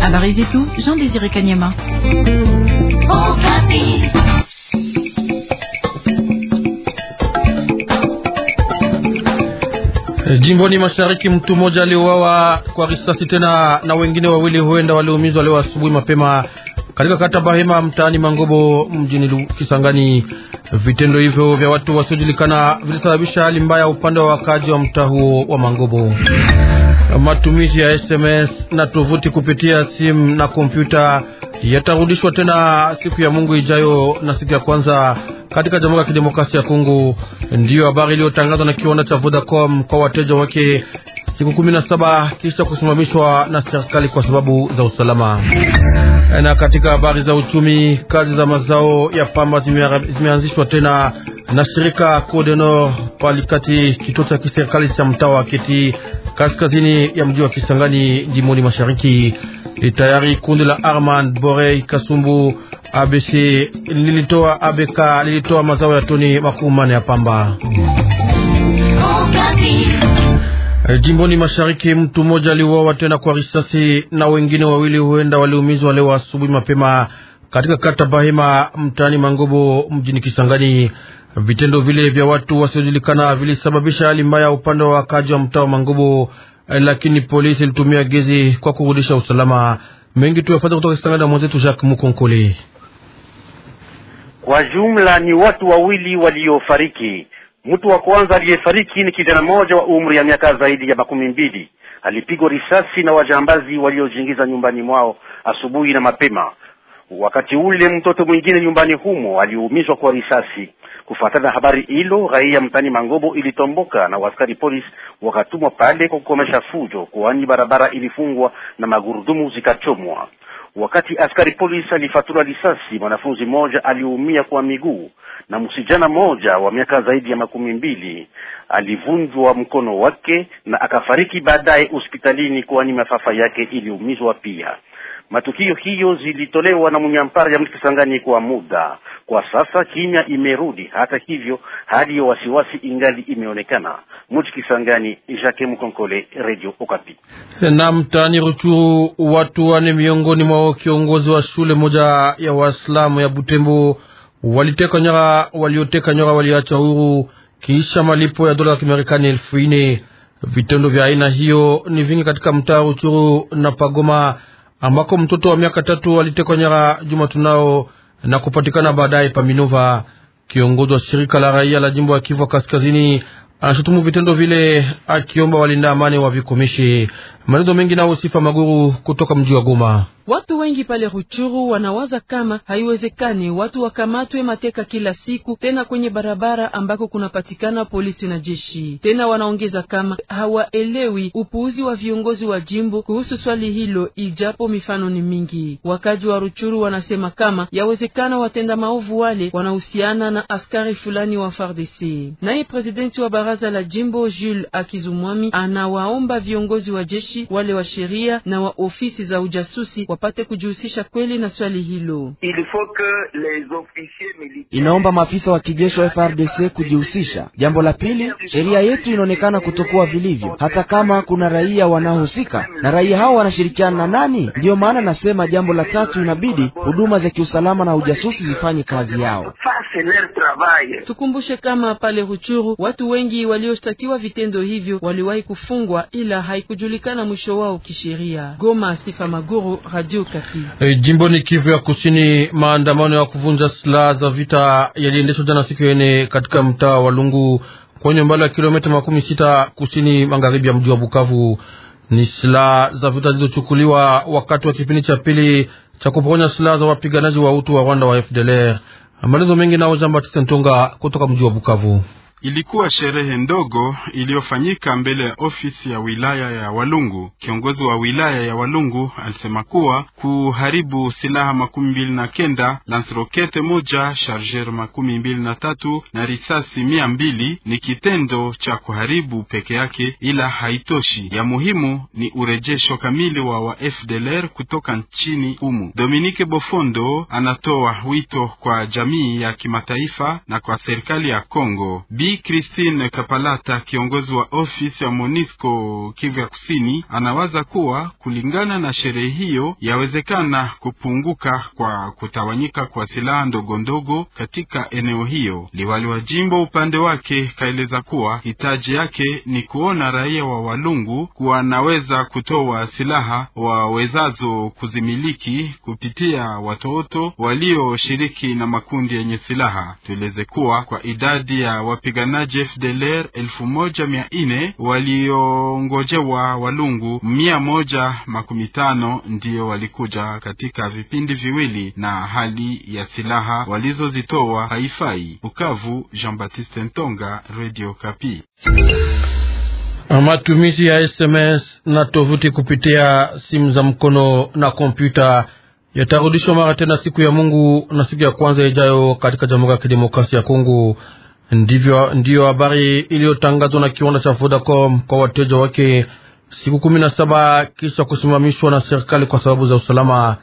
Habari zetu Jean Désiré Kanyama. Eh, jimboni mashariki mtu mmoja aliuawa kwa risasi tena na wengine wawili huenda waliumizwa leo asubuhi mapema katika kata Bahema mtaani Mangobo mjini Kisangani. Vitendo hivyo vya watu wasiojulikana vilisababisha hali mbaya upande wa wakaaji wa mtaa huo wa Mangobo. Matumizi ya SMS na tovuti kupitia simu na kompyuta yatarudishwa tena siku ya Mungu ijayo na siku ya kwanza katika Jamhuri ya Kidemokrasia ya Kongo. Ndiyo habari iliyotangazwa na kiwanda cha Vodacom kwa wateja wake siku kumi na saba kisha kusimamishwa na serikali kwa sababu za usalama. Na katika habari za uchumi, kazi za mazao ya pamba zimeanzishwa tena na shirika Codenor palikati, kituo cha kiserikali cha mtaa wa Keti kaskazini ya mji wa Kisangani, jimboni mashariki. Tayari kundi la Armand Borei Kasumbu ABC lilitoa ABK lilitoa mazao ya toni makumi mane ya pamba. Oh, jimboni mashariki, mtu mmoja aliuawa tena kwa risasi na wengine wawili huenda waliumizwa leo asubuhi mapema katika kata Bahema mtaani Mangobo mjini Kisangani. Vitendo vile vya watu wasiojulikana vilisababisha hali mbaya upande wa wakaji wa mtaa wa Mangubu, eh, lakini polisi ilitumia gezi kwa kurudisha usalama. Mengi tuyafata kutoka Kisangani na mwenzetu Jacques Mukonkoli. Kwa jumla ni watu wawili waliofariki. Mtu wa kwanza aliyefariki ni kijana mmoja wa umri ya miaka zaidi ya makumi mbili. Alipigwa risasi na wajambazi waliojiingiza nyumbani mwao asubuhi na mapema. Wakati ule mtoto mwingine nyumbani humo aliumizwa kwa risasi. Kufuatana na habari hilo, raia mtani Mangobo ilitomboka na waskari polisi wakatumwa pale kwa kukomesha fujo, kwani barabara ilifungwa na magurudumu zikachomwa. Wakati askari polisi alifatula risasi, mwanafunzi mmoja aliumia kwa miguu na msijana mmoja wa miaka zaidi ya makumi mbili alivunjwa mkono wake na akafariki baadaye hospitalini, kwani mafafa yake iliumizwa pia. Matukio hiyo zilitolewa na mnyampara Jamhuri Kisangani kwa muda. Kwa sasa kimya imerudi. Hata hivyo, hali ya wasiwasi ingali imeonekana. Mji Kisangani, Jacques Mkonkole, Radio Okapi. Na mtaani Ruchuru, watu wane miongoni mwa kiongozi wa shule moja ya Waislamu ya Butembo waliteka nyara, walioteka nyara waliacha huru kisha malipo ya dola za Kimarekani elfu nne. Vitendo vya aina hiyo ni vingi katika mtaa Ruchuru na Pagoma ambako mtoto wa miaka tatu alitekwa nyara Jumatunao na kupatikana baadaye Paminova. Kiongozi wa shirika la raia la jimbo ya Kivu Kaskazini anashutumu vitendo vile, akiomba walinda amani wavikomishe. Maelezo mengi nao Sifa Maguru kutoka mji wa Goma. Watu wengi pale Ruchuru wanawaza kama haiwezekani watu wakamatwe mateka kila siku tena kwenye barabara ambako kunapatikana polisi na jeshi. Tena wanaongeza kama hawaelewi upuuzi wa viongozi wa jimbo kuhusu swali hilo, ijapo mifano ni mingi. Wakaji wa Ruchuru wanasema kama yawezekana watenda maovu wale wanahusiana na askari fulani wa FARDC. Naye presidenti wa baraza la jimbo Jules Akizumwami anawaomba viongozi wa jeshi wale wa sheria na wa ofisi za ujasusi wapate kujihusisha kweli na swali hilo. Inaomba maafisa wa kijeshi wa FRDC kujihusisha. Jambo la pili, sheria yetu inaonekana kutokuwa vilivyo, hata kama kuna raia wanaohusika, na raia hao wanashirikiana na nani? Ndiyo maana nasema, jambo la tatu, inabidi huduma za kiusalama na ujasusi zifanye kazi yao. Tukumbushe kama pale Ruchuru watu wengi walioshtakiwa vitendo hivyo waliwahi kufungwa, ila haikujulikana mwisho wao kisheria. Goma, Sifa Maguru. E, jimboni Kivu ya Kusini, maandamano ya kuvunja silaha za vita yaliendeshwa jana siku yene katika mtaa wa Lungu kwenye umbali wa kilomita makumi sita kusini magharibi ya mji wa Bukavu. Ni silaha za vita zilizochukuliwa wakati wa kipindi cha pili cha kuponya silaha za wapiganaji wa utu wa Rwanda wa FDLR. Maelezo mengi nao Jean Baptiste Ntonga kutoka mji wa Bukavu. Ilikuwa sherehe ndogo iliyofanyika mbele ya ofisi ya wilaya ya Walungu. Kiongozi wa wilaya ya Walungu alisema kuwa kuharibu silaha makumi mbili na kenda, lansrokete moja, charger makumi mbili na tatu na risasi mia mbili ni kitendo cha kuharibu peke yake, ila haitoshi. Ya muhimu ni urejesho kamili wa wa FDLR kutoka nchini humu. Dominique Bofondo anatoa wito kwa jamii ya kimataifa na kwa serikali ya congo Bi Bi Christine Kapalata, kiongozi wa ofisi ya Monisco Kivu ya Kusini, anawaza kuwa kulingana na sherehe hiyo yawezekana kupunguka kwa kutawanyika kwa silaha ndogo ndogo katika eneo hiyo. Liwali wa jimbo upande wake kaeleza kuwa hitaji yake ni kuona raia wa Walungu kuwa naweza kutoa silaha wawezazo kuzimiliki kupitia watoto walioshiriki na makundi yenye silaha. Tueleze kuwa kwa idadi ya wapiga wapiganaji FDLR elfu moja mia nne waliongojewa Walungu mia moja makumi tano ndiyo walikuja katika vipindi viwili, na hali ya silaha walizozitoa haifai. Bukavu, Jean Baptiste Ntonga, Radio Kapi. Matumizi ya SMS na tovuti kupitia simu za mkono na kompyuta yatarudishwa mara tena siku ya Mungu na siku ya kwanza ijayo katika Jamhuri ya Kidemokrasia ya Kongo. Ndivyo ndiyo habari iliyotangazwa na kiwanda cha Vodacom kwa wateja wake siku kumi na saba kisha kusimamishwa na serikali kwa sababu za usalama.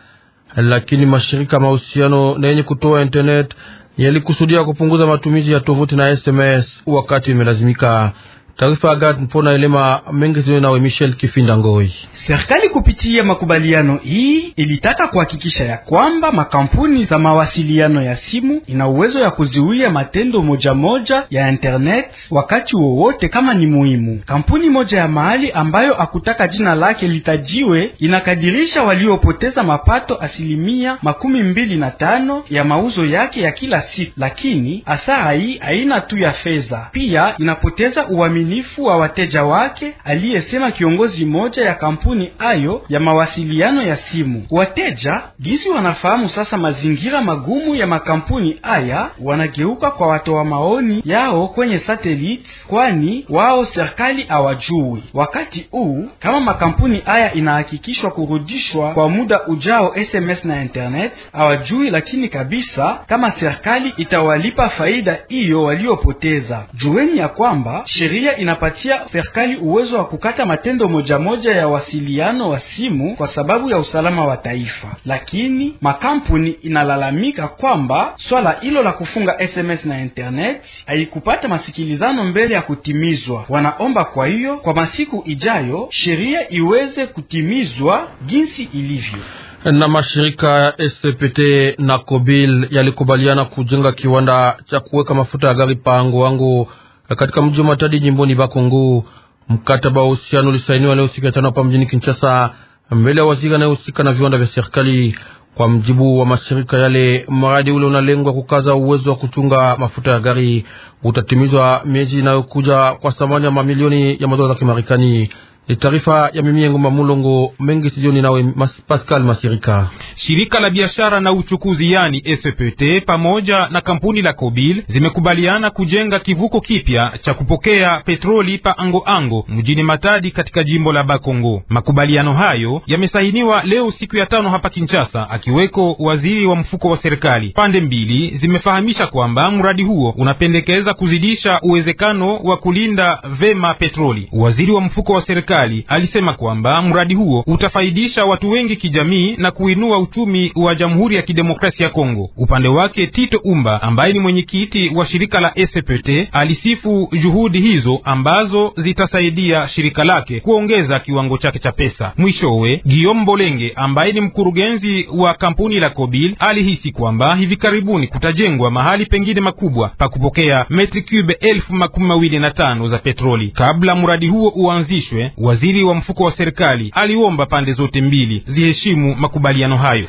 Lakini mashirika mahusiano na yenye kutoa internet yalikusudia kupunguza matumizi ya tovuti na SMS wakati imelazimika. Taarifa Agad Mpona Elema mengi zio nawe Michel Kifinda Ngoi. Serikali kupitia makubaliano hii ilitaka kuhakikisha ya kwamba makampuni za mawasiliano ya simu ina uwezo ya kuziwia matendo moja moja ya internet wakati wowote kama ni muhimu. Kampuni moja ya mahali ambayo akutaka jina lake litajiwe inakadirisha waliopoteza mapato asilimia makumi mbili na tano ya mauzo yake ya kila siku, lakini hasara hii haina tu ya fedha, pia inapoteza uaminifu uaminifu wa wateja wake, aliyesema kiongozi moja ya kampuni ayo ya mawasiliano ya simu. Wateja gisi wanafahamu sasa mazingira magumu ya makampuni aya, wanageuka kwa watoa wa maoni yao kwenye satellite, kwani wao serikali hawajui. Wakati huu kama makampuni aya inahakikishwa kurudishwa kwa muda ujao SMS na internet, hawajui lakini kabisa kama serikali itawalipa faida hiyo waliopoteza. Jueni ya kwamba sheria inapatia serikali uwezo wa kukata matendo moja moja ya wasiliano wa simu kwa sababu ya usalama wa taifa, lakini makampuni inalalamika kwamba swala hilo la kufunga SMS na internet haikupata masikilizano mbele ya kutimizwa. Wanaomba kwa hiyo kwa masiku ijayo sheria iweze kutimizwa jinsi ilivyo na mashirika ya SPT na Kobil yalikubaliana kujenga kiwanda cha kuweka mafuta ya gari pango wangu katika mji wa Matadi jimboni Bakongo. Mkataba wa uhusiano ulisainiwa leo siku ya tano hapa mjini Kinshasa mbele ya waziri anayehusika na viwanda vya serikali. Kwa mjibu wa mashirika yale, mradi ule unalengwa kukaza uwezo wa kuchunga mafuta ya gari, utatimizwa miezi inayokuja kwa thamani ya mamilioni ya madola za Kimarekani. Taarifa ya mimi Ngoma Mulongo mengi sijoni nawe mas, Pascal Masirika. Shirika la biashara na uchukuzi yani SPT pamoja na kampuni la Kobil zimekubaliana kujenga kivuko kipya cha kupokea petroli pa ango ango mjini Matadi katika jimbo la Bakongo. Makubaliano hayo yamesainiwa leo siku ya tano hapa Kinshasa, akiweko waziri wa mfuko wa serikali. Pande mbili zimefahamisha kwamba mradi huo unapendekeza kuzidisha uwezekano wa kulinda vema petroli. Waziri wa mfuko wa serikali serikali. Alisema kwamba mradi huo utafaidisha watu wengi kijamii na kuinua uchumi wa Jamhuri ya Kidemokrasia ya Kongo. Upande wake, Tito Umba ambaye ni mwenyekiti wa shirika la SPT alisifu juhudi hizo ambazo zitasaidia shirika lake kuongeza kiwango chake cha pesa. Mwishowe, Guillaume Bolenge ambaye ni mkurugenzi wa kampuni la Kobil alihisi kwamba hivi karibuni kutajengwa mahali pengine makubwa pa kupokea metri cube elfu makumi mawili na tano za petroli kabla mradi huo uanzishwe. Waziri wa mfuko wa serikali aliomba pande zote mbili ziheshimu makubaliano hayo.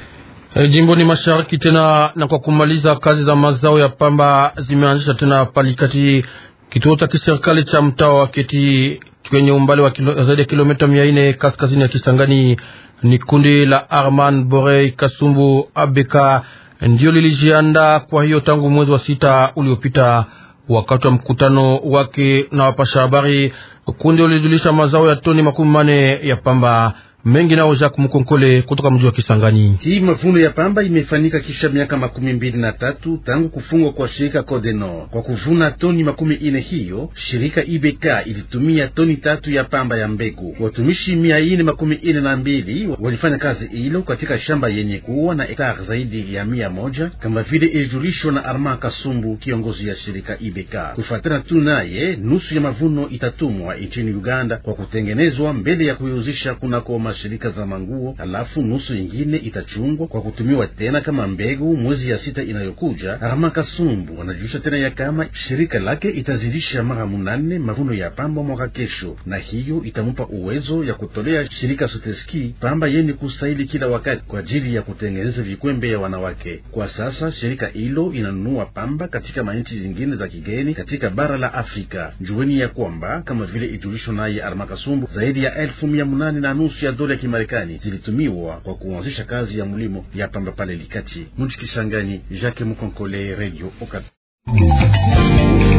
E, eh, ni mashariki tena, na kwa kumaliza, kazi za mazao ya pamba zimeanzisha tena Palikati, kituo cha kiserikali cha mtaa wa Keti kwenye umbali wa kilo, zaidi ya kilomita mia nne kaskazini ya Kisangani. Ni kundi la Arman Borei Kasumbu Abeka ndio lilijiandaa kwa hiyo tangu mwezi wa sita uliopita. Wakati wa mkutano wake na wapasha habari, kundi ulijulisha mazao ya toni makumi mane ya pamba mengi nao Jacques Mukonkole kutoka mji wa Kisangani. Hii mavuno ya pamba imefanyika kisha miaka makumi mbili na tatu tangu kufungwa kwa shirika Codenor kwa kuvuna toni makumi ine. Hiyo shirika IBK ilitumia toni tatu ya pamba ya mbegu. Watumishi mia ine makumi ine na mbili walifanya kazi hilo katika shamba yenye kuwa na hektare zaidi ya mia moja kama vile ilijulishwa na Arma Kasumbu, kiongozi ya shirika IBK. Kufuatana tu naye, nusu ya mavuno itatumwa nchini Uganda kwa kutengenezwa mbele ya kuiuzisha kunako na shirika za manguo, halafu nusu ingine itachungwa kwa kutumiwa tena kama mbegu mwezi ya sita inayokuja. Rama Kasumbu anajulisha tena ya kama shirika lake itazidisha mara munane mavuno ya pamba mwaka kesho, na hiyo itamupa uwezo ya kutolea shirika Soteski pamba yeni kusaili kila wakati kwa ajili ya kutengeneza vikwembe ya wanawake. Kwa sasa shirika hilo inanunua pamba katika manchi zingine za kigeni katika bara la Afrika. Jueni ya kwamba kama vile ijulisho naye armakasumbu Kasumbu, zaidi ya elfu mia munane na nusu ya dola ya Kimarekani zilitumiwa kwa kuanzisha kazi ya mlimo ya pamba pale Likati. Munchikisangani, Jacques Mukonkole, Radio Okapi.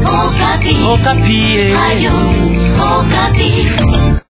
Okapi. Okapi. Okapi.